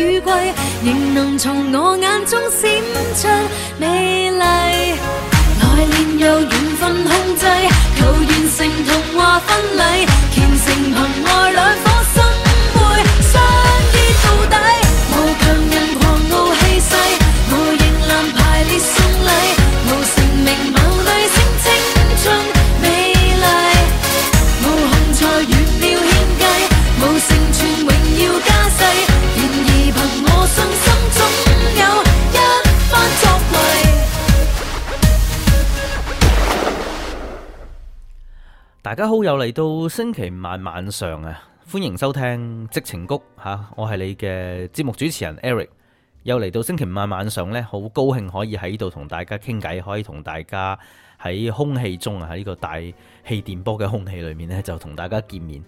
雨季仍能從我眼中閃出美麗，來年由緣分控制，求完成童話婚禮。大家好，又嚟到星期五晚晚上啊！歡迎收聽矽情谷吓，我係你嘅節目主持人 Eric。又嚟到星期五晚晚上呢，好高興可以喺度同大家傾偈，可以同大家喺空氣中啊，喺呢個大氣電波嘅空氣裏面呢，就同大家見面。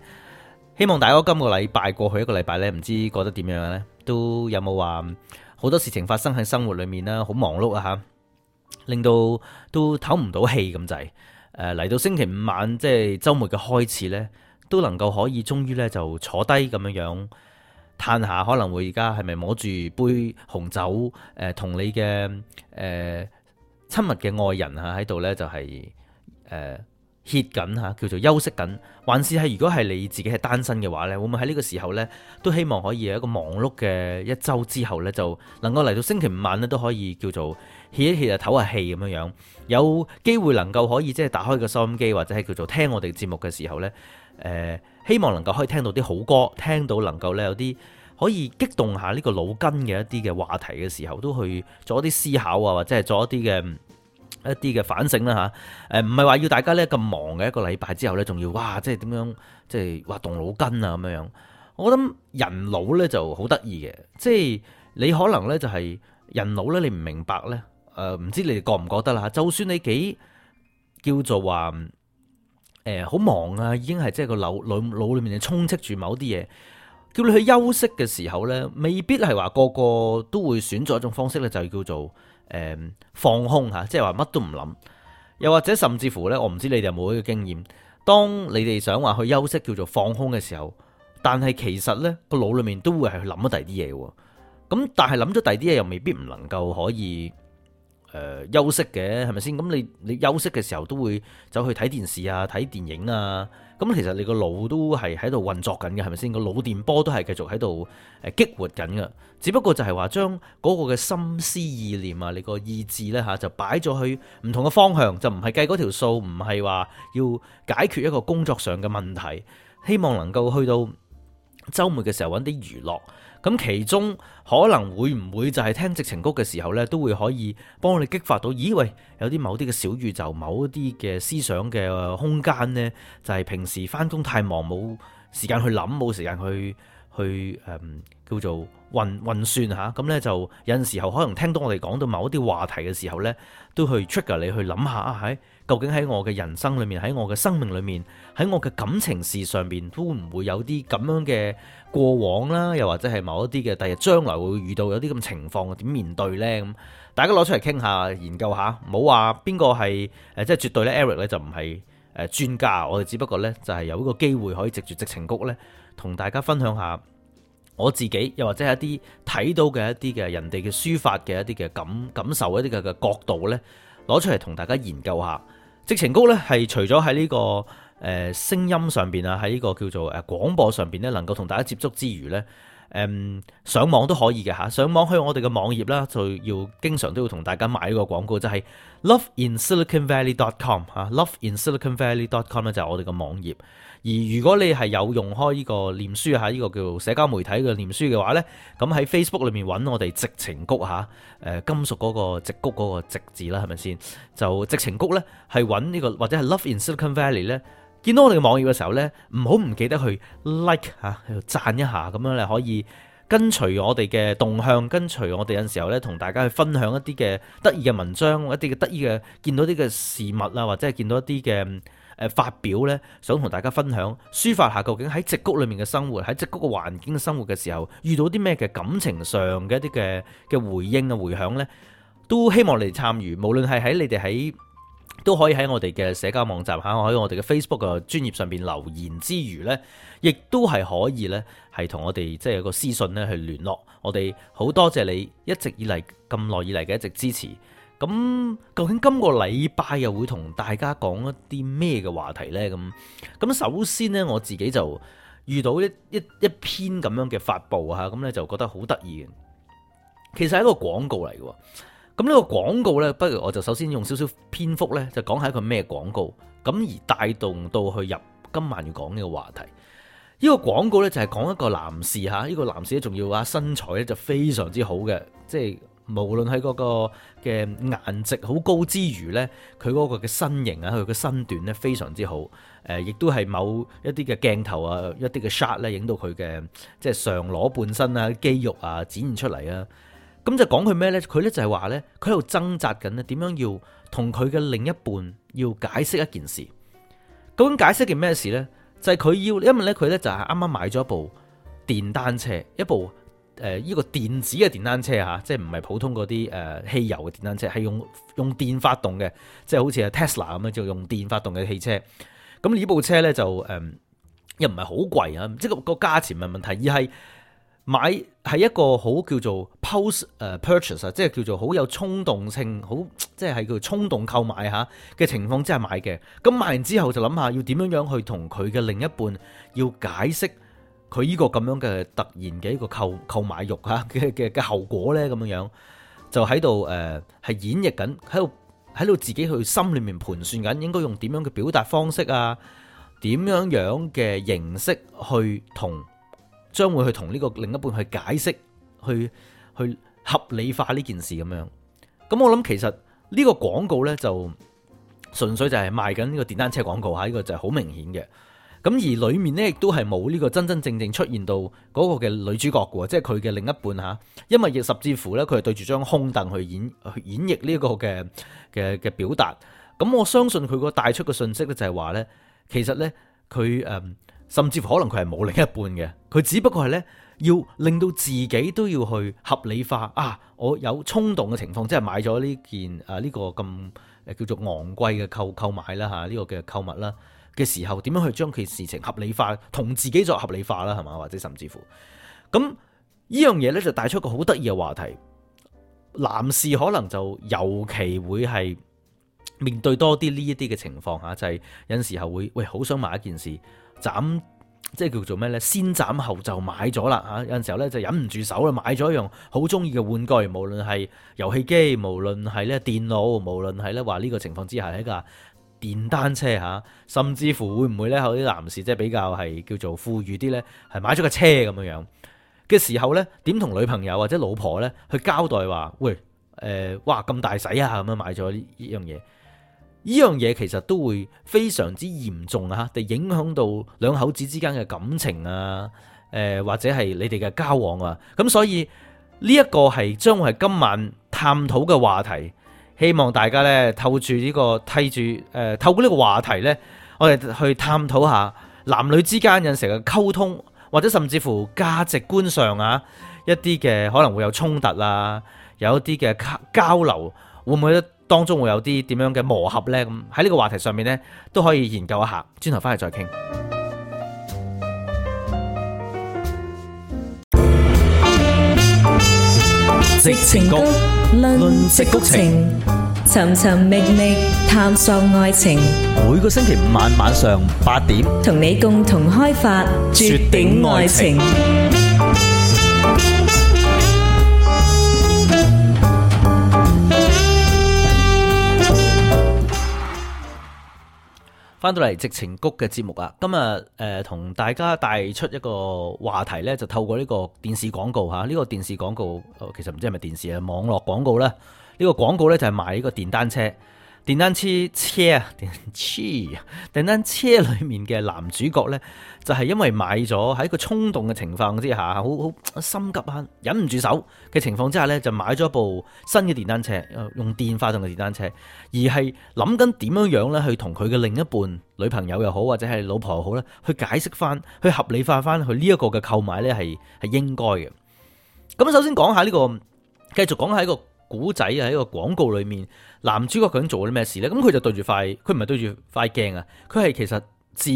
希望大家今個禮拜過去一個禮拜呢，唔知過得點樣呢，都有冇話好多事情發生喺生活裏面啦，好忙碌啊吓，令到都唞唔到氣咁滯。誒，嚟到星期五晚，即係週末嘅開始呢，都能夠可以終於呢就坐低咁樣樣嘆下，可能會而家係咪摸住杯紅酒？誒、呃，同你嘅誒親密嘅愛人嚇喺度呢？就係、是、誒、呃、歇緊嚇，叫做休息緊。還是係如果係你自己係單身嘅話呢，會唔會喺呢個時候呢都希望可以有一個忙碌嘅一周之後呢，就能夠嚟到星期五晚呢都可以叫做。歇一歇啊，唞下氣咁樣樣，有機會能夠可以即係打開個收音機或者係叫做聽我哋嘅節目嘅時候呢，誒、呃，希望能夠可以聽到啲好歌，聽到能夠呢有啲可以激動下呢個腦筋嘅一啲嘅話題嘅時候，都去做一啲思考啊，或者係做一啲嘅一啲嘅反省啦吓，誒、啊，唔係話要大家呢咁忙嘅一個禮拜之後呢，仲要哇，即係點樣，即係話動腦筋啊咁樣樣。我諗人腦呢就好得意嘅，即係你可能呢就係人腦呢，你唔明白呢。誒，唔知你哋覺唔覺得啦，就算你幾叫做話誒，好、呃、忙啊，已經係即係個腦腦裏面嘅充斥住某啲嘢，叫你去休息嘅時候呢，未必係話個個都會選擇一種方式呢，就叫做誒、呃、放空吓，即係話乜都唔諗。又或者甚至乎呢，我唔知你哋有冇呢個經驗，當你哋想話去休息叫做放空嘅時候，但係其實呢，個腦裏面都會係諗咗第二啲嘢。咁但係諗咗第二啲嘢，又未必唔能夠可以。誒，休息嘅係咪先？咁你你休息嘅時候都會走去睇電視啊、睇電影啊。咁其實你個腦都係喺度運作緊嘅，係咪先？個腦電波都係繼續喺度誒激活緊嘅。只不過就係話將嗰個嘅心思意念啊，你個意志呢，吓，就擺咗去唔同嘅方向，就唔係計嗰條數，唔係話要解決一個工作上嘅問題，希望能夠去到周末嘅時候揾啲娛樂。咁其中可能會唔會就係聽直情曲嘅時候呢，都會可以幫我哋激發到，咦，喂，有啲某啲嘅小宇宙，某一啲嘅思想嘅空間呢，就係平時翻工太忙冇時間去諗，冇時間去去誒。嗯叫做運運算吓，咁呢就有陣時候可能聽到我哋講到某一啲話題嘅時候呢，都去 trigger 你去諗下啊，喺究竟喺我嘅人生裏面，喺我嘅生命裏面，喺我嘅感情事上面，都唔會有啲咁樣嘅過往啦，又或者係某一啲嘅第日將來會遇到有啲咁情況，點面對呢？咁大家攞出嚟傾下，研究下，冇話邊個係誒，即係絕對呢 Eric 呢就唔係誒專家，我哋只不過呢，就係有一個機會可以藉住矽情谷呢，同大家分享下。我自己又或者係一啲睇到嘅一啲嘅人哋嘅書法嘅一啲嘅感感受一啲嘅嘅角度呢，攞出嚟同大家研究一下。直情高呢，係除咗喺呢個誒聲音上邊啊，喺呢個叫做誒廣播上邊呢，能夠同大家接觸之餘呢，誒、um, 上網都可以嘅嚇，上網去我哋嘅網頁啦，就要經常都要同大家買一個廣告，就係、是、loveinsiliconvalley.com 嚇，loveinsiliconvalley.com 咧就係我哋嘅網頁。而如果你係有用開呢個臉書嚇，呢、這個叫社交媒體嘅臉書嘅話呢，咁喺 Facebook 裏面揾我哋矽情谷嚇，金屬嗰個矽谷嗰個矽字啦，係咪先？就矽情谷呢、這個，係揾呢個或者係 loveinsiliconvalley 呢。見到我哋嘅網頁嘅時候呢，唔好唔記得去 like 吓喺度讚一下咁樣，你可以跟隨我哋嘅動向，跟隨我哋有時候呢，同大家去分享一啲嘅得意嘅文章，一啲嘅得意嘅見到啲嘅事物啊，或者係見到一啲嘅誒發表呢，想同大家分享，抒發下究竟喺矽谷裏面嘅生活，喺矽谷嘅環境嘅生活嘅時候，遇到啲咩嘅感情上嘅一啲嘅嘅回應啊、回響呢，都希望你哋參與，無論係喺你哋喺。都可以喺我哋嘅社交網站嚇，喺我哋嘅 Facebook 嘅專頁上面留言之餘呢，亦都係可以呢係同我哋即係有個私訊呢去聯絡。我哋好多謝你一直以嚟咁耐以嚟嘅一直支持。咁究竟今個禮拜又會同大家講一啲咩嘅話題呢？咁咁首先呢，我自己就遇到一一一篇咁樣嘅發布嚇，咁呢就覺得好得意嘅。其實係一個廣告嚟嘅。咁呢個廣告呢，不如我就首先用少少篇幅呢，就講下一個咩廣告，咁而帶動到去入今晚要講呢個話題。呢個廣告呢，就係講一個男士吓，呢個男士仲要話，身材咧就非常之好嘅，即係無論喺嗰個嘅顏值好高之餘呢，佢嗰個嘅身形啊，佢嘅身段呢，非常之好。誒，亦都係某一啲嘅鏡頭啊，一啲嘅 shot 咧影到佢嘅即係上裸半身啊，肌肉啊，展現出嚟啊。咁就講佢咩咧？佢咧就係話咧，佢喺度掙扎緊咧，點樣要同佢嘅另一半要解釋一件事。究竟解釋件咩事咧？就係、是、佢要，因為咧佢咧就係啱啱買咗一部電單車，一部呢依、呃、個電子嘅電單車吓，即係唔係普通嗰啲汽油嘅電單車，係、呃、用用電發動嘅，即係好似係 Tesla 咁樣，就用電發動嘅汽車。咁呢部車咧就、呃、又唔係好貴啊，即係個個價錢唔係問題，而係。買係一個好叫做 post 誒 purchase 啊，即係叫做好有衝動性，好即係叫衝動購買吓嘅情況之下買嘅。咁買完之後就諗下要點樣樣去同佢嘅另一半要解釋佢呢個咁樣嘅突然嘅一個購購買欲吓嘅嘅嘅後果咧，咁樣樣就喺度誒係演繹緊，喺度喺度自己去心裏面盤算緊，應該用點樣嘅表達方式啊，點樣樣嘅形式去同。將會去同呢個另一半去解釋，去去合理化呢件事咁樣。咁我諗其實呢個廣告呢，就純粹就係賣緊呢個電單車廣告嚇，呢、呢個就係好明顯嘅。咁而裡面呢，亦都係冇呢個真真正正出現到嗰個嘅女主角嘅，即係佢嘅另一半嚇。因為亦甚至乎呢，佢係對住張空凳去演去演繹呢個嘅嘅嘅表達。咁我相信佢個帶出嘅信息呢，就係話呢，其實呢，佢誒。嗯甚至乎可能佢係冇另一半嘅，佢只不過係呢，要令到自己都要去合理化啊。我有衝動嘅情況，即係買咗呢件啊，呢個咁叫做昂貴嘅購購買啦吓，呢個嘅購物啦嘅時候，點樣去將佢事情合理化，同自己作合理化啦，係嘛？或者甚至乎咁呢樣嘢呢，就帶出個好得意嘅話題。男士可能就尤其會係面對多啲呢一啲嘅情況吓，就係有時候會喂，好想買一件事。斬即係叫做咩呢？先斬後就買咗啦吓，有陣時候呢，就忍唔住手啦，買咗一樣好中意嘅玩具，無論係遊戲機，無論係呢電腦，無論係呢話呢個情況之下係一架電單車吓，甚至乎會唔會呢？有啲男士即係比較係叫做富裕啲呢，係買咗個車咁樣樣嘅時候呢，點同女朋友或者老婆呢去交代話？喂，誒、呃，哇咁大使啊咁樣，買咗呢樣嘢。呢樣嘢其實都會非常之嚴重啊！影響到兩口子之間嘅感情啊，呃、或者係你哋嘅交往啊。咁所以呢一個係將會係今晚探討嘅話題，希望大家呢，透住呢個、替住、呃、透過呢個話題呢，我哋去探討下男女之間有成日溝通，或者甚至乎價值觀上啊一啲嘅可能會有衝突啊，有一啲嘅交流會唔會？當中會有啲點樣嘅磨合呢？咁喺呢個話題上面呢，都可以研究一下。轉頭翻嚟再傾。矽情谷，論矽情，尋尋覓覓探索愛情。每個星期五晚晚上八點，同你共同開發絕頂愛情。翻到嚟矽情谷嘅節目啊，今日誒同大家帶出一個話題呢，就透過呢個電視廣告呢、呢個電視廣告其實唔知係咪電視啊，網絡廣告啦，呢、呢個廣告呢，就係賣呢個電單車。電單車車啊，電單車啊，電單車裏面嘅男主角呢，就係因為買咗喺個衝動嘅情況之下，好好心急啊，忍唔住手嘅情況之下呢，就買咗一部新嘅電單車，用電化動嘅電單車，而係諗緊點樣樣去同佢嘅另一半女朋友又好，或者係老婆又好呢，去解釋翻，去合理化翻佢呢一個嘅購買呢，係係應該嘅。咁首先講下呢個，繼續講下呢個。古仔啊！喺個廣告裏面，男主角究竟做啲咩事呢？咁佢就對住塊，佢唔係對住塊鏡啊！佢係其實自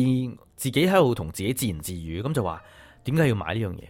自己喺度同自己自言自語，咁就話點解要買呢樣嘢？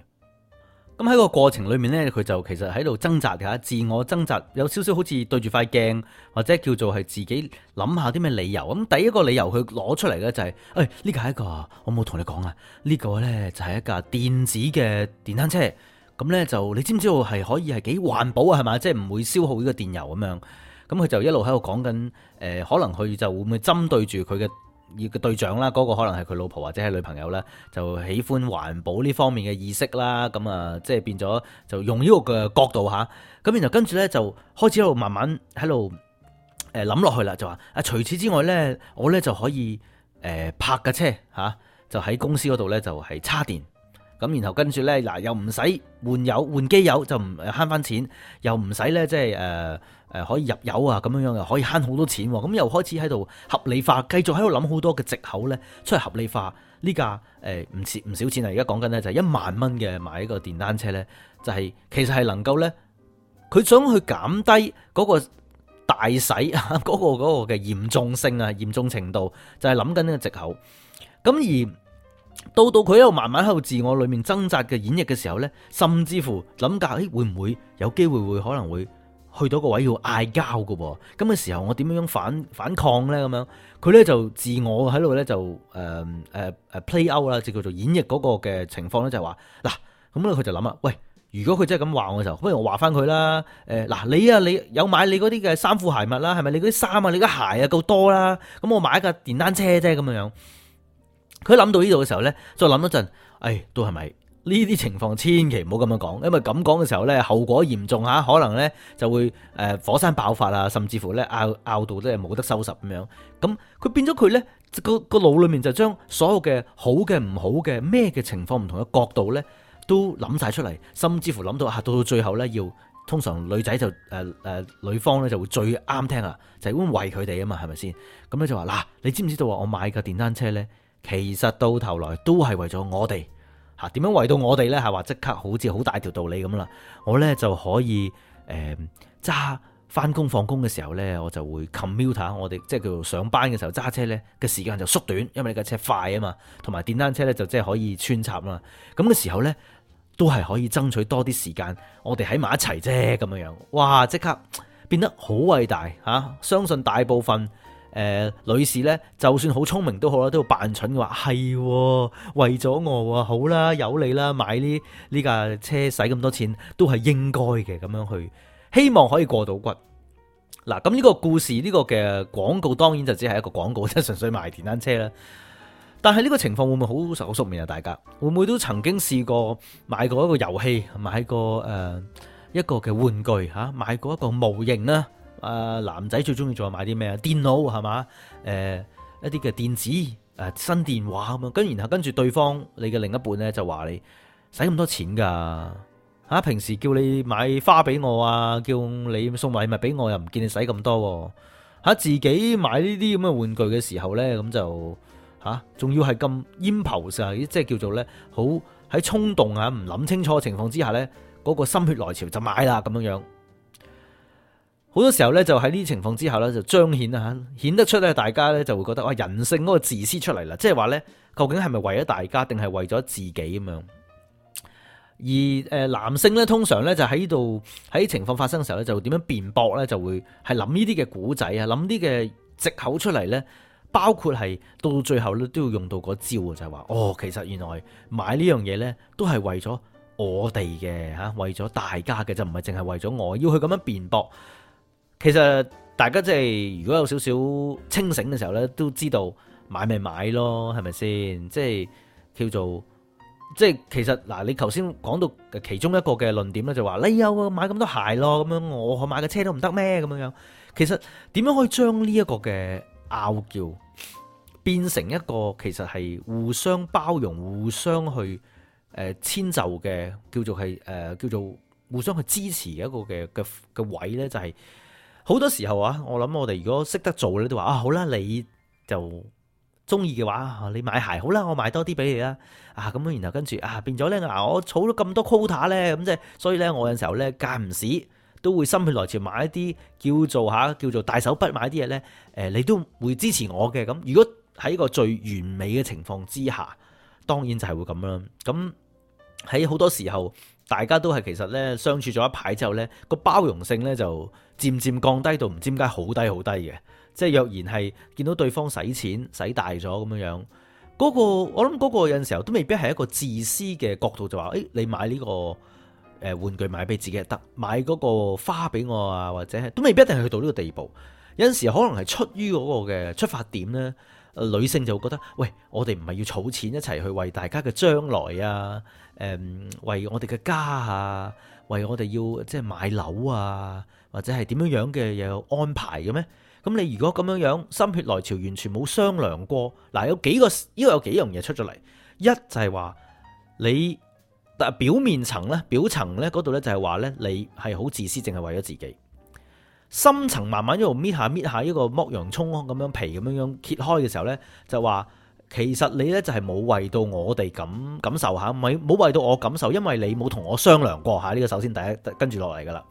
咁喺個過程裏面呢，佢就其實喺度掙扎㗎，自我掙扎，有少少好似對住塊鏡，或者叫做係自己諗下啲咩理由。咁第一個理由佢攞出嚟咧、就是，就係誒，呢個係一個，我冇同你講啊，呢個呢，就係一架電子嘅電單車。咁咧就你知唔知道係可以係幾環保啊？係嘛，即係唔會消耗呢個電油咁樣。咁佢就一路喺度講緊，誒、呃，可能佢就會唔會針對住佢嘅要嘅對象啦。嗰、那個可能係佢老婆或者係女朋友啦，就喜歡環保呢方面嘅意識啦。咁啊，即係變咗就用呢個嘅角度吓。咁然後跟住咧就開始喺度慢慢喺度誒諗落去啦。就話啊，除此之外咧，我咧就可以誒、呃、泊架車吓、啊，就喺公司嗰度咧就係叉電。咁，然後跟住咧，嗱又唔使換油換機油就唔慳翻錢，又唔使咧，即係誒可以入油啊，咁樣又可以慳好多錢。咁又開始喺度合理化，繼續喺度諗好多嘅藉口咧，出去合理化呢架唔少唔少錢啊！而家講緊咧就係一萬蚊嘅買一個電單車咧，就係其實係能夠咧，佢想去減低嗰個大洗啊，嗰個嗰個嘅嚴重性啊，嚴重程度就係諗緊呢個藉口。咁而到到佢喺度慢慢喺度自我裏面掙扎嘅演繹嘅時候咧，甚至乎諗下，誒會唔會有機會會可能會去到個位要嗌交噶？咁嘅時候我點樣樣反反抗咧？咁樣佢咧就自我喺度咧就誒誒誒 play out 啦，即叫做演繹嗰個嘅情況咧就係話嗱，咁咧佢就諗啊，喂，如果佢真係咁話我嘅時候，不如我話翻佢啦。誒嗱，你啊你有買你嗰啲嘅衫褲鞋襪啦？係咪你嗰啲衫啊，你啲鞋啊夠多啦？咁我買一架電單車啫，咁樣。佢諗到呢度嘅時候呢，再諗一陣，哎，都係咪呢啲情況千祈唔好咁樣講，因為咁講嘅時候呢，後果嚴重吓，可能呢就會誒火山爆發啊，甚至乎呢，拗，拗到都係冇得收拾咁樣。咁佢變咗佢呢，個個腦裏面就將所有嘅好嘅、唔好嘅、咩嘅情況唔同嘅角度呢，都諗晒出嚟，甚至乎諗到吓，到、啊、到最後呢，要通常女仔就誒誒、呃呃呃，女方呢就會最啱聽啊，就係、是、咁為佢哋啊嘛，係咪先？咁咧就話嗱，你知唔知道話我買個電單車呢？」其實到頭來都係為咗我哋，吓，點樣為到我哋呢？係話即刻好似好大條道理咁啦，我呢就可以誒揸翻工放工嘅時候呢，我就會 commute，我哋即係叫上班嘅時候揸車呢嘅時間就縮短，因為你架車快啊嘛，同埋電單車呢就即係可以穿插啦。咁嘅時候呢，都係可以爭取多啲時間，我哋喺埋一齊啫，咁樣樣，哇！即刻變得好偉大吓，啊，相信大部分。誒、呃，女士呢，就算聰好聰明都好啦，都要扮蠢嘅話係，為咗我、啊，好啦、啊，有你啦、啊，買呢呢架車，使咁多錢都係應該嘅，咁樣去，希望可以過到骨。嗱，咁呢個故事，呢、這個嘅廣告，當然就只係一個廣告啫，純粹賣電單車啦。但係呢個情況會唔會好熟好熟面啊？大家會唔會都曾經試過買過一個遊戲，買過誒、呃、一個嘅玩具吓、啊，買過一個模型呢？啊，男仔最中意仲係買啲咩啊？電腦係嘛，誒、呃，一啲嘅電子誒，新電話咁樣，跟然後跟住對方你嘅另一半咧，就話你使咁多錢噶吓、啊，平時叫你買花俾我啊，叫你送禮物俾我又唔見你使咁多，、啊，吓自己買呢啲咁嘅玩具嘅時候咧，咁就吓仲、啊、要係咁 impulse，即係叫做咧好喺衝動啊，唔諗清楚嘅情況之下咧，嗰、那個心血來潮就買啦咁樣樣。好多時候咧，就喺呢啲情況之下咧，就彰顯啊顯得出咧，大家咧就會覺得哇，人性嗰個自私出嚟啦，即係話咧，究竟係咪為咗大家，定係為咗自己咁樣？而誒，男性咧通常咧就喺呢度，喺情況發生嘅時候咧，就點樣辯駁咧，就會係諗呢啲嘅古仔啊，諗啲嘅借口出嚟咧，包括係到最後咧，都要用到個招啊，就係話哦，其實原來買呢樣嘢咧，都係為咗我哋嘅吓，為咗大家嘅，就唔係淨係為咗我要去咁樣辯駁。其實大家即係如果有少少清醒嘅時候呢，都知道買咪買咯，係咪先？即係叫做即係其實嗱，你頭先講到其中一個嘅論點呢，就話你有啊，買咁多鞋咯，咁樣我我買嘅車都唔得咩？咁樣樣，其實點樣可以將呢一個嘅拗撬變成一個其實係互相包容、互相去誒、呃、遷就嘅，叫做係誒、呃、叫做互相去支持嘅一個嘅嘅位呢，就係、是。好多時候啊，我諗我哋如果識得做咧，都話啊好啦，你就中意嘅話，你買鞋好啦，我買多啲俾你啦。啊咁，然後跟住啊變咗咧，嗱我儲咗咁多 quota 咧，咁即係，所以咧我有時候咧間唔時都會心血來潮買一啲叫做吓叫做大手筆買啲嘢咧。誒、呃，你都會支持我嘅。咁如果喺個最完美嘅情況之下，當然就係會咁樣。咁喺好多時候。大家都係其實咧，相處咗一排之後呢，個包容性呢就漸漸降低到唔知點解好低好低嘅。即係若然係見到對方使錢使大咗咁樣樣，嗰、嗰個我諗嗰個有陣時候都未必係一個自私嘅角度，就話、哎、你買呢個誒玩具買俾自己得，買嗰個花俾我啊，或者都未必一定係去到呢個地步。有陣時可能係出於嗰個嘅出發點呢，女性就會覺得，喂，我哋唔係要儲錢一齊去為大家嘅將來啊，誒、嗯，為我哋嘅家啊，為我哋要即係買樓啊，或者係點樣樣嘅又有安排嘅咩？咁你如果咁樣樣，心血來潮，完全冇商量過，嗱，有幾個，呢個有幾樣嘢出咗嚟，一就係話你，但表面層咧，表層咧嗰度咧就係話咧，你係好自私，淨係為咗自己。深層慢慢一路搣下搣下，一個剝洋葱咁樣皮咁樣樣揭開嘅時候呢，就話其實你呢就係冇為到我哋感感受下，唔係冇為到我感受，因為你冇同我商量過下。呢個首先第一跟住落嚟噶啦，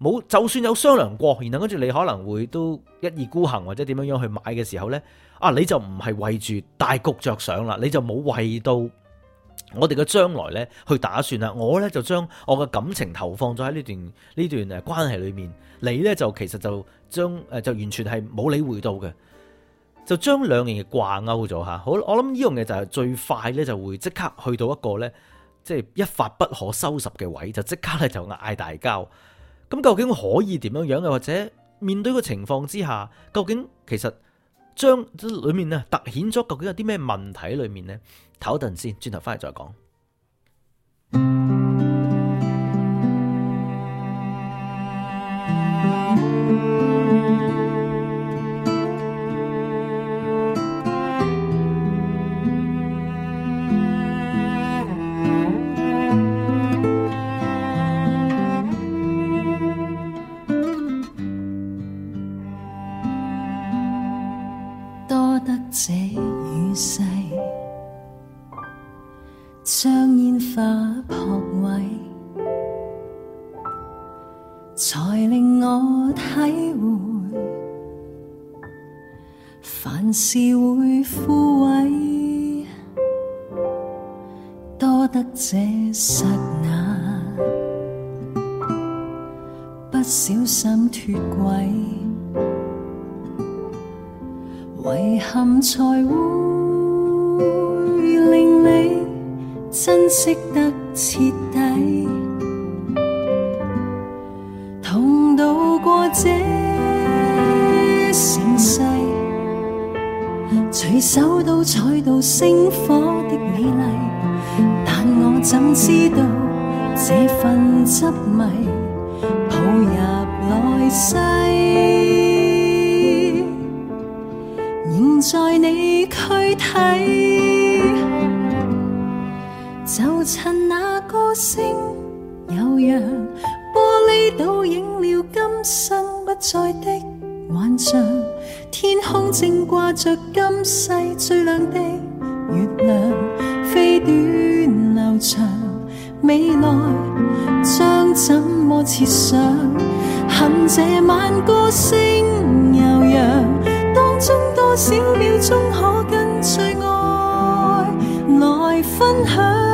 冇就算有商量過，然後跟住你可能會都一意孤行或者點樣樣去買嘅時候呢，啊你就唔係為住大局着想啦，你就冇為到。我哋嘅將來呢去打算啦。我呢就將我嘅感情投放咗喺呢段呢段誒關係裏面，你呢就其實就將誒就完全係冇理會到嘅，就將兩樣嘢掛鈎咗吓。好，我諗呢樣嘢就係最快呢，就會即刻去到一個呢，即係一發不可收拾嘅位，就即刻咧就嗌大交。咁究竟可以點樣樣？又或者面對個情況之下，究竟其實？將裏面呢突顯咗究竟有啲咩問題喺裏面呢？唞一陣先，轉頭翻嚟再講。就趁那歌聲悠揚，玻璃倒影了今生不再的幻象，天空正掛着今世最亮的月亮，飛短流長，未來將怎麼設想？恨這晚歌聲悠揚，當中多少秒鐘可跟最愛來分享？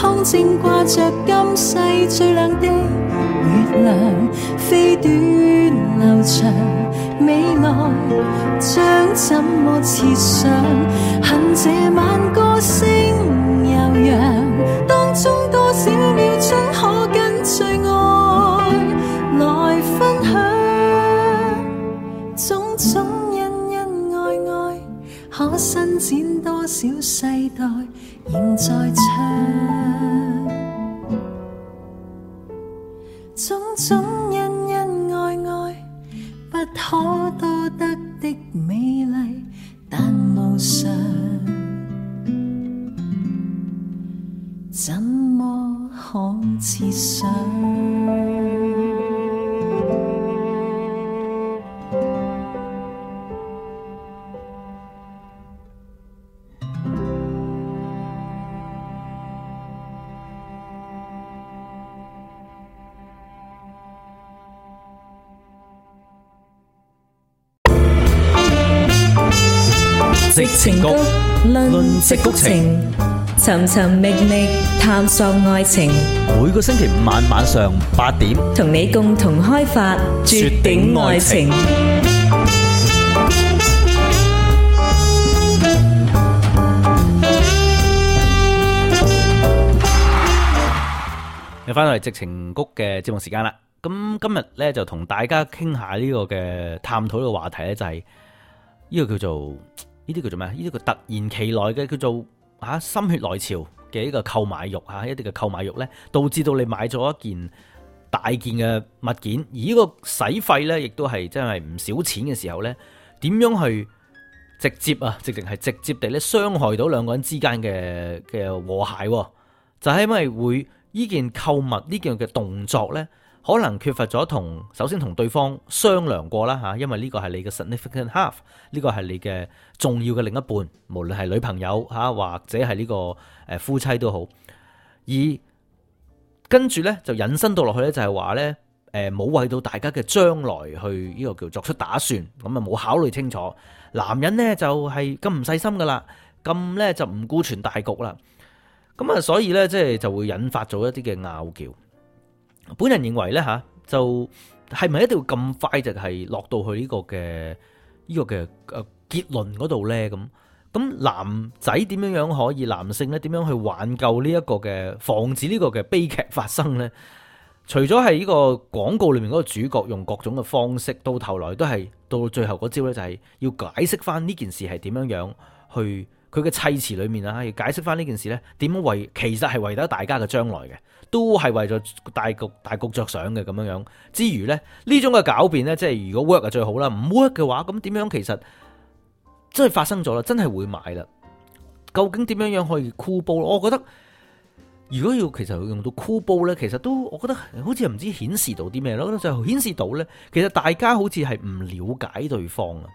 天空正掛着今世最亮的月亮，飛短流長，未來將怎麼設想？恨這晚歌聲悠揚，當中多少秒鐘可跟最愛來分享？種種恩恩愛愛，可伸展多少世代？仍在唱。矽情谷論矽情，尋尋覓覓探索愛情。每個星期五晚晚上八點，同你共同開發絕頂愛情。又返到嚟矽情谷嘅節目時間啦。咁今日咧就同大家傾下呢個嘅探討嘅話題咧，就係呢個叫做。呢啲叫做咩？呢啲叫突然其來嘅叫做啊心血來潮嘅一個購買欲吓，一啲嘅購買欲咧，導致到你買咗一件大件嘅物件，而這個洗呢個使費咧，亦都係真係唔少錢嘅時候咧，點樣去直接啊，直情係直接地咧傷害到兩個人之間嘅嘅和諧？就係因為會呢件購物呢樣嘅動作咧。可能缺乏咗同，首先同對方商量過啦吓，因為呢個係你嘅 significant half，呢個係你嘅重要嘅另一半，無論係女朋友吓或者係呢個誒夫妻都好。而跟住呢，就引申到落去呢，就係話呢，誒冇為到大家嘅將來去呢個叫作出打算，咁啊冇考慮清楚。男人呢就係咁唔細心噶啦，咁呢就唔顧全大局啦。咁啊所以呢，即係就會引發咗一啲嘅拗撬。本人認為咧嚇，就係咪一定要咁快就係落到去呢個嘅呢個嘅誒結論嗰度咧？咁咁男仔點樣樣可以男性咧？點樣去挽救呢一個嘅防止呢個嘅悲劇發生咧？除咗係呢個廣告裏面嗰個主角用各種嘅方式，到頭來都係到最後嗰招咧，就係要解釋翻呢件事係點樣樣去佢嘅砌詞裏面呀，要解釋翻呢件事咧點樣為其實係為到大家嘅將來嘅。都係為咗大局大局，着想嘅咁樣樣，之餘呢種嘅狡辯呢即係如果 work 嘅，最好啦，唔 work 嘅話，咁點樣其實真係發生咗啦，真係會買啦。究竟點樣樣可以箍煲？我覺得如果要其實用到箍煲呢，其實都我覺得好似唔知顯示到啲咩咯，我覺得就顯示到呢，其實大家好似係唔了解對方啊。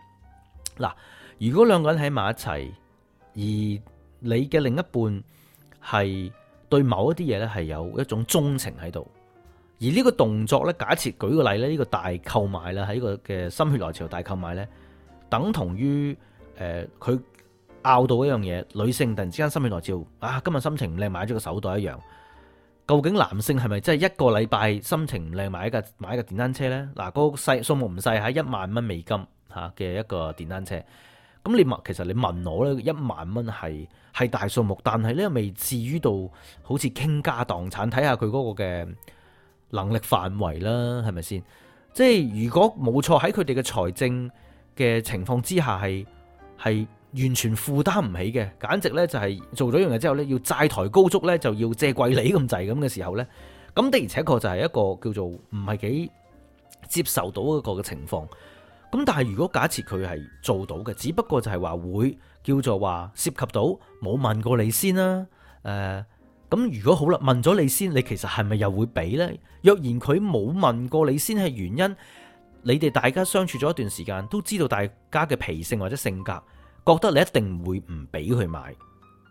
嗱，如果兩個人喺埋一齊，而你嘅另一半係。對某一啲嘢咧係有一種鍾情喺度，而呢個動作咧，假設舉個例咧，呢個大購買啦，喺、這個嘅心血來潮大購買咧，等同於誒佢拗到一樣嘢，女性突然之間心血來潮啊，今日心情唔靚買咗個手袋一樣。究竟男性係咪真係一個禮拜心情唔靚買一架買一個電單車呢？嗱、那個，個細數目唔細，喺一萬蚊美金嚇嘅一個電單車。咁你問其實你問我呢，一萬蚊係係大數目，但係呢未至於到好似傾家蕩產，睇下佢嗰個嘅能力範圍啦，係咪先？即係如果冇錯喺佢哋嘅財政嘅情況之下是，係係完全負擔唔起嘅，簡直呢，就係做咗一樣嘢之後呢要債台高築呢就要借貴你咁滯咁嘅時候呢，咁的而且確就係一個叫做唔係幾接受到一個嘅情況。咁但係如果假設佢係做到嘅，只不過就係話會叫做話涉及到冇問過你先啦、啊，誒、呃，咁如果好啦，問咗你先，你其實係咪又會俾呢？若然佢冇問過你先係原因，你哋大家相處咗一段時間，都知道大家嘅脾性或者性格，覺得你一定會唔俾佢買。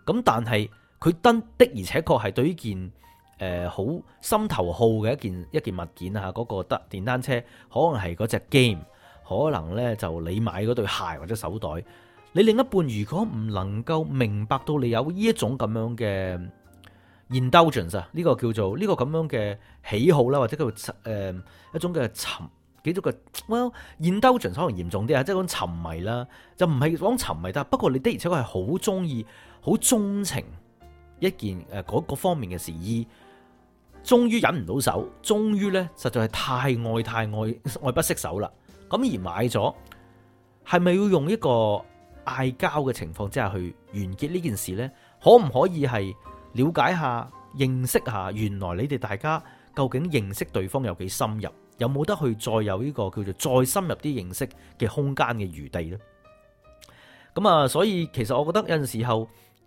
咁但係佢登的而且確係對於件誒好心頭好嘅一件、呃、一、件一件物件啊，嗰、那個得電單車，可能係嗰隻 game。可能咧就你買嗰對鞋或者手袋，你另一半如果唔能夠明白到你有呢一種咁樣嘅 indulgence 啊，呢個叫做呢、這個咁樣嘅喜好啦，或者叫做誒、呃、一種嘅沉幾種嘅，well indulgence 可能嚴重啲啊，即係講沉迷啦，就唔係講沉迷得，不過你的而且確係好中意、好鍾情一件誒嗰個方面嘅事，而終於忍唔到手，終於咧實在係太愛太愛愛不釋手啦。咁而買咗，係咪要用一個嗌交嘅情況之下去完結呢件事呢？可唔可以係了解下、認識下，原來你哋大家究竟認識對方有幾深入，有冇得去再有呢個叫做再深入啲認識嘅空間嘅餘地呢？咁啊，所以其實我覺得有陣時候，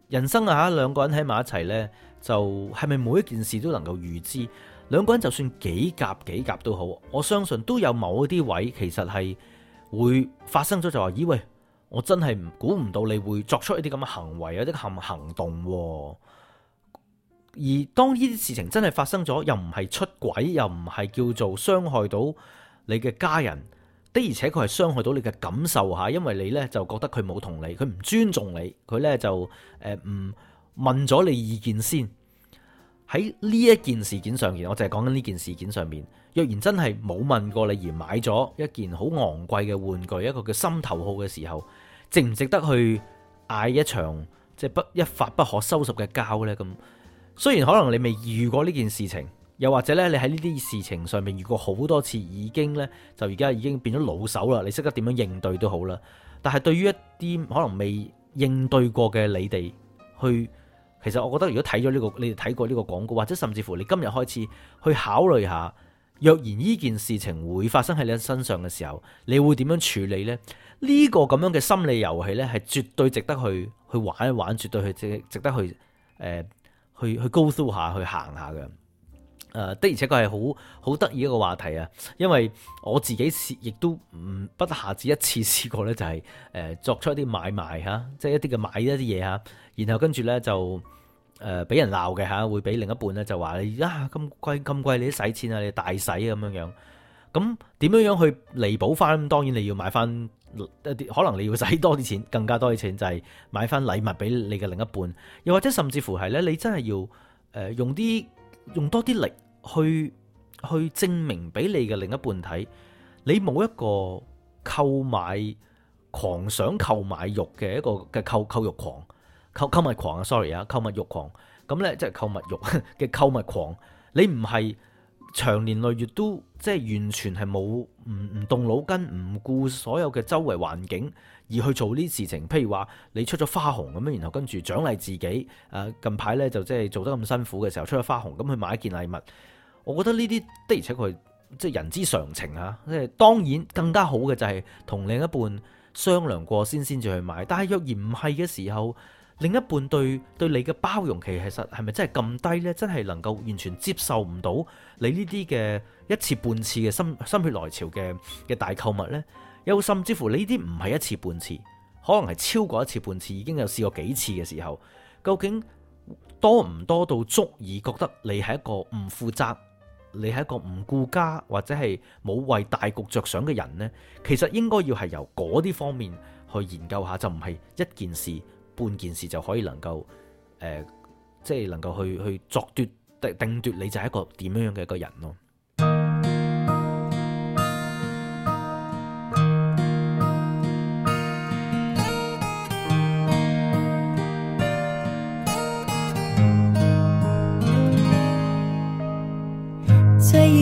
人生啊，吓，兩個人喺埋一齊呢，就係咪每一件事都能夠預知？兩個人就算幾夾幾夾都好，我相信都有某一啲位，其實係會發生咗，就話咦喂，我真係估唔到你會作出一啲咁嘅行為，有一啲行行動。而當呢啲事情真係發生咗，又唔係出軌，又唔係叫做傷害到你嘅家人的，而且佢係傷害到你嘅感受吓，因為你呢，就覺得佢冇同你，佢唔尊重你，佢呢就誒唔、呃、問咗你意見先。喺呢一件事件上面，我就係講緊呢件事件上面。若然真係冇問過你而買咗一件好昂貴嘅玩具，一個叫心頭好嘅時候，值唔值得去嗌一場即係不一發不可收拾嘅交呢？咁雖然可能你未遇過呢件事情，又或者呢，你喺呢啲事情上面遇過好多次，已經呢，就而家已經變咗老手啦，你識得點樣應對都好啦。但係對於一啲可能未應對過嘅你哋去。其實我覺得如果睇咗呢個，你哋睇過呢個廣告，或者甚至乎你今日開始去考慮下，若然呢件事情會發生喺你身上嘅時候，你會點樣處理呢？呢、呢個咁樣嘅心理遊戲呢，係絕對值得去去玩一玩，絕對去值值得去誒、呃，去去 go through 下去行下嘅。的而且確係好好得意一個話題啊！因為我自己亦都唔不下止一次試過呢，就係誒作出一啲買賣嚇，即係一啲嘅買一啲嘢嚇，然後跟住呢，就誒俾人鬧嘅嚇，會俾另一半呢，就話你啊咁貴咁貴，你使錢啊，你大使咁樣樣。咁點樣樣去彌補翻？當然你要買翻一啲，可能你要使多啲錢，更加多啲錢就係買翻禮物俾你嘅另一半，又或者甚至乎係呢，你真係要誒用啲用多啲力。去去證明俾你嘅另一半睇，你冇一個購買狂，想購買欲嘅一個嘅購購物狂購購物狂啊，sorry 啊，購物欲狂，咁咧即係購物欲嘅購物狂，你唔係長年累月都即係完全係冇唔唔動腦筋，唔顧所有嘅周圍環境而去做呢啲事情，譬如話你出咗花紅咁樣，然後跟住獎勵自己，誒近排咧就即係做得咁辛苦嘅時候出咗花紅，咁去買一件禮物。我覺得呢啲的，而且佢即係人之常情啊！即係當然更加好嘅就係同另一半商量過先先至去買。但係若然唔係嘅時候，另一半對對你嘅包容期，其實係咪真係咁低呢？真係能夠完全接受唔到你呢啲嘅一次半次嘅心心血來潮嘅嘅大購物呢？又甚至乎呢啲唔係一次半次，可能係超過一次半次，已經有試過幾次嘅時候，究竟多唔多到足以覺得你係一個唔負責？你係一個唔顧家或者係冇為大局着想嘅人呢？其實應該要係由嗰啲方面去研究下，就唔係一件事半件事就可以能夠誒，即、呃、係、就是、能夠去去作奪定定奪，你就係一個點樣樣嘅一個人咯。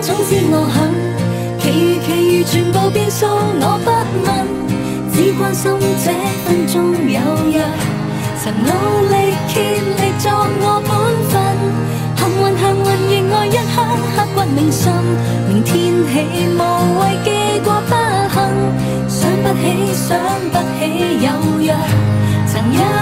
總之我肯，其餘其餘全部變數我不問，只關心這分鐘有約，曾努力竭力作我本份，幸運幸運願愛一刻刻骨銘心，明天起無謂記掛不幸，想不起想不起有約，曾一。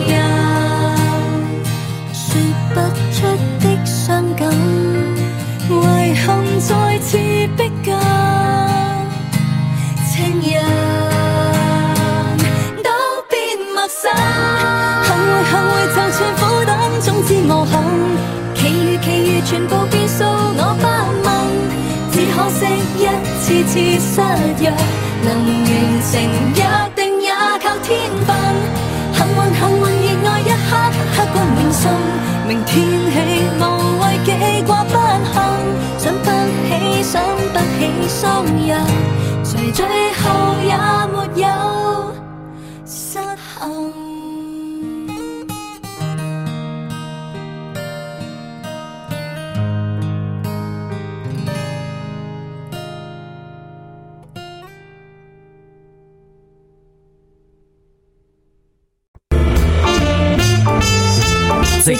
次失約，能完成一定也靠天分，幸運，幸運，熱愛一刻刻骨銘心。明天起，無謂記掛不幸。想不起，想不起，雙人，誰最後也沒有。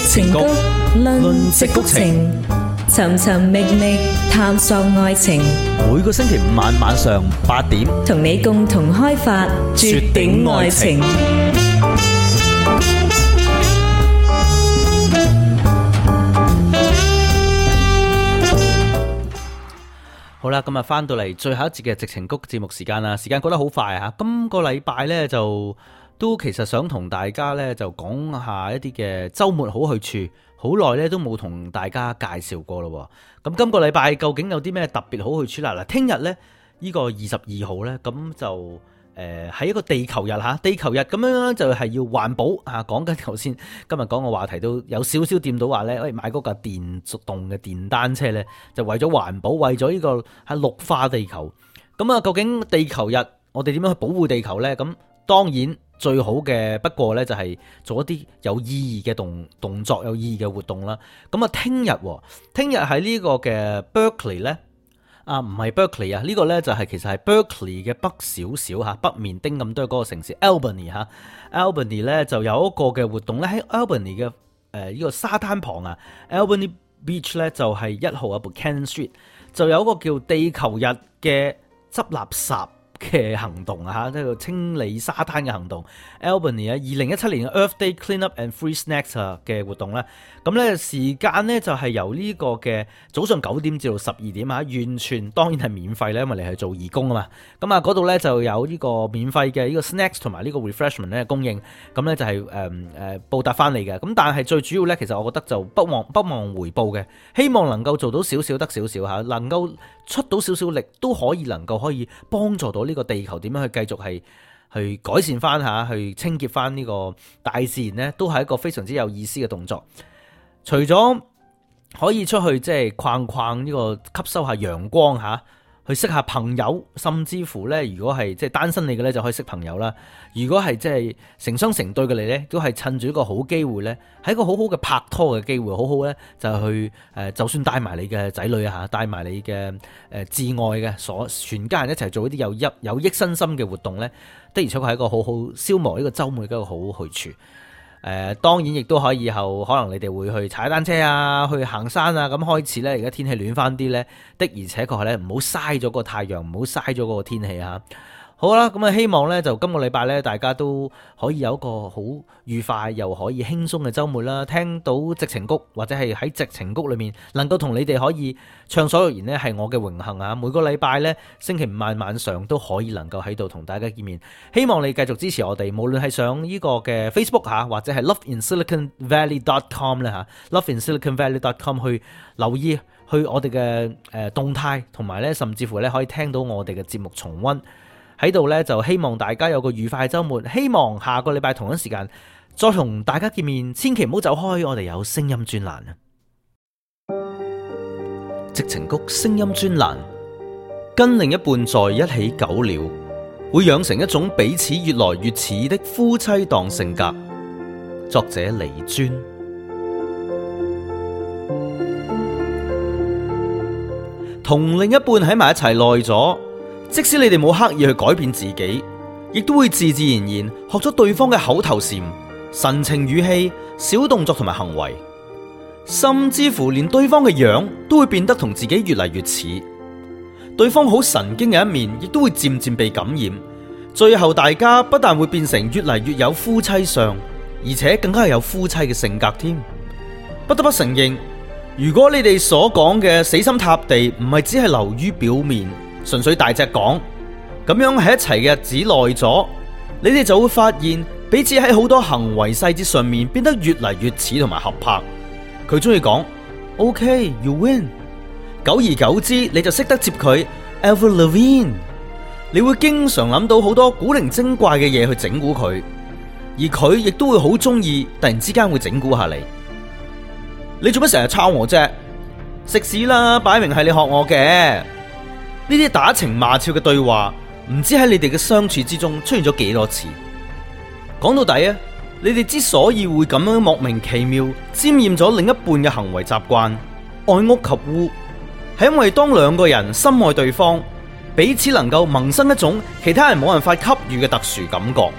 情谷論色谷情，尋尋覓覓探索愛情。每個星期五晚晚上八點，同你共同開發絕頂愛情。好啦，今日，翻到嚟最後一節嘅矽情谷節目時間啦，時間過得好快吓！今個禮拜呢就，都其實想同大家呢，就講下一啲嘅週末好去處，好耐呢，都冇同大家介紹過咯。咁今個禮拜究竟有啲咩特別好去處啦？嗱，聽日呢，呢、呢個二十二號呢，咁就誒喺、呃、一個地球日嚇，地球日咁樣就係要環保啊。講緊頭先今日講嘅話題都有少少掂到話呢，喂買嗰架電動嘅電單車呢，就為咗環保，為咗呢個喺綠化地球。咁啊，究竟地球日我哋點樣去保護地球呢？咁當然。最好嘅不過呢就係做一啲有意義嘅動動作、有意義嘅活動啦。咁、er、啊，聽日聽日喺呢個嘅 Berkeley 呢？啊，唔係 Berkeley 啊，呢個呢就係其實係 Berkeley 嘅北少少嚇，北面丁咁多嗰個城市 Albany 嚇，Albany 呢就有一個嘅活動呢，喺 Albany 嘅誒呢、呃呢個沙灘旁啊，Albany Beach 呢就係一號啊 Buchanan Street 就有一個叫地球日嘅執垃圾。嘅行動啊，叫清理沙灘嘅行動，Albany 啊，二零一七年嘅 Earth Day Clean Up and Free Snacks 嘅活動啦。咁咧時間咧就係由呢個嘅早上九點至到十二點啊，完全當然係免費咧，因為你係做義工啊嘛。咁啊嗰度咧就有呢個免費嘅呢個 snacks 同埋呢個 refreshment 咧供應，咁咧就係、是嗯呃、報答翻你嘅。咁但係最主要咧，其實我覺得就不忘不忘回報嘅，希望能夠做到少少得少少嚇，能夠出到少少力都可以能夠可以幫助到呢。呢個地球點樣去繼續係去改善翻下去清潔翻呢個大自然呢？都係一個非常之有意思嘅動作。除咗可以出去即係逛逛呢個，吸收下陽光吓。去識下朋友，甚至乎呢，如果係即係單身你嘅呢，就可以識朋友啦。如果係即係成雙成對嘅你呢，都係趁住一個好機會呢，係一個好好嘅拍拖嘅機會，好好呢，就去誒，就算帶埋你嘅仔女啊吓，帶埋你嘅誒摯愛嘅所全家人一齊做一啲有益有益身心嘅活動呢。的而且確係一個好好消磨呢個週末嘅一個好去處。誒當然亦都可以，以後，可能你哋會去踩單車啊，去行山啊，咁開始呢，而家天氣暖翻啲呢，的而且確係咧，唔好嘥咗個太陽，唔好嘥咗個個天氣啊。好啦，咁啊，希望咧就今個禮拜咧，大家都可以有一個好愉快又可以輕鬆嘅周末啦。聽到矽情谷或者係喺矽情谷裏面，能夠同你哋可以暢所欲言呢，係我嘅榮幸啊！每個禮拜咧，星期五晚晚上都可以能夠喺度同大家見面。希望你繼續支持我哋，無論係上呢個嘅 Facebook 吓，或者係 loveinsiliconvalley.com 咧吓，loveinsiliconvalley.com 去留意，去我哋嘅誒動態，同埋咧甚至乎咧可以聽到我哋嘅節目重温。喺度呢，就希望大家有個愉快嘅周末。希望下個禮拜同一時間再同大家見面，千祈唔好走開。我哋有聲音專欄啊，《矽情谷》聲音專欄。跟另一半在一起久了，會養成一種彼此越來越似的夫妻檔性格。作者李尊。同另一半喺埋一齊耐咗。即使你哋冇刻意去改變自己，亦都會自自然然學咗對方嘅口頭禪、神情語氣、小動作同埋行為，甚至乎連對方嘅樣都會變得同自己越嚟越似。對方好神經嘅一面，亦都會漸漸被感染。最後，大家不但會變成越嚟越有夫妻相，而且更加係有夫妻嘅性格添。不得不承認，如果你哋所講嘅死心塌地唔係只係流於表面。純粹大隻講，咁樣喺一齊嘅日子耐咗，你哋就會發現彼此喺好多行為細節上面變得越嚟越似同埋合拍。佢中意講，OK, you win。久而久之，你就識得接佢，Ever Levine。你會經常諗到好多古靈精怪嘅嘢去整蠱佢，而佢亦都會好中意突然之間會整蠱下你。你做乜成日抄我啫？食屎啦！擺明係你學我嘅。呢啲打情罵俏嘅對話，唔知喺你哋嘅相處之中出現咗幾多次？講到底啊，你哋之所以會咁樣莫名其妙沾染咗另一半嘅行為習慣、愛屋及烏，係因為當兩個人深愛對方，彼此能夠萌生一種其他人冇辦法給予嘅特殊感覺，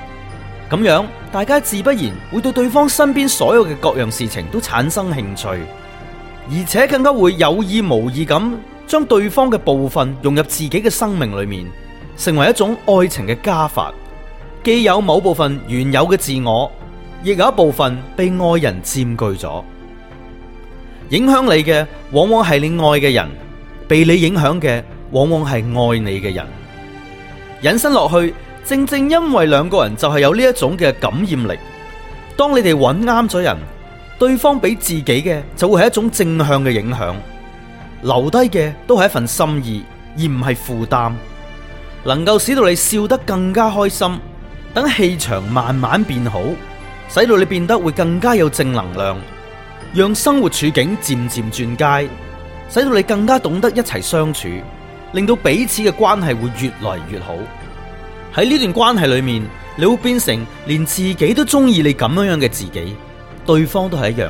咁樣大家自不然會對對方身邊所有嘅各樣事情都產生興趣，而且更加會有意無意咁。將對方嘅部分融入自己嘅生命裏面，成為一種愛情嘅加法。既有某部分原有嘅自我，亦有一部分被愛人佔據咗。影響你嘅，往往係你愛嘅人；被你影響嘅，往往係愛你嘅人。引申落去，正正因為兩個人就係有呢一種嘅感染力。當你哋揾啱咗人，對方俾自己嘅就會係一種正向嘅影響。留低嘅都係一份心意，而唔係負擔，能夠使到你笑得更加開心，等氣場慢慢變好，使到你變得會更加有正能量，讓生活處境漸漸轉佳，使到你更加懂得一齊相處，令到彼此嘅關係會越來越好。喺呢段關係裏面，你會變成連自己都中意你咁樣樣嘅自己，對方都係一樣。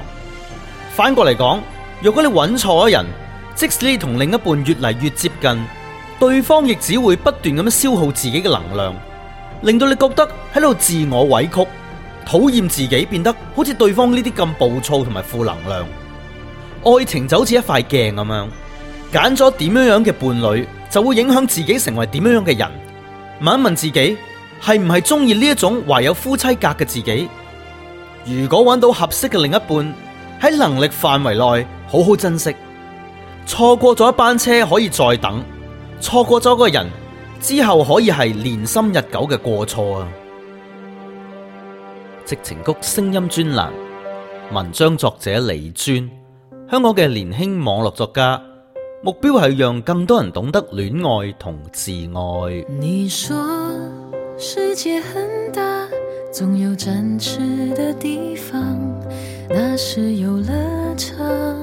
反過嚟講，如果你揾錯咗人。即使你同另一半越嚟越接近，對方亦只會不斷咁樣消耗自己嘅能量，令到你覺得喺度自我委屈，討厭自己變得好似對方呢啲咁暴躁同埋負能量。愛情就好似一塊鏡咁樣，揀咗點樣樣嘅伴侶，就會影響自己成為點樣樣嘅人。問一問自己，係唔係中意呢一種懷有夫妻格嘅自己？如果揾到合適嘅另一半，喺能力範圍內好好珍惜。錯過咗一班車可以再等，錯過咗嗰個人之後可以係年深日久嘅過錯啊！《矽情谷》聲音專欄，文章作者李尊，香港嘅年輕網絡作家，目標係讓更多人懂得戀愛同自愛。你說世界很大，總有展翅的地方，那是遊樂場。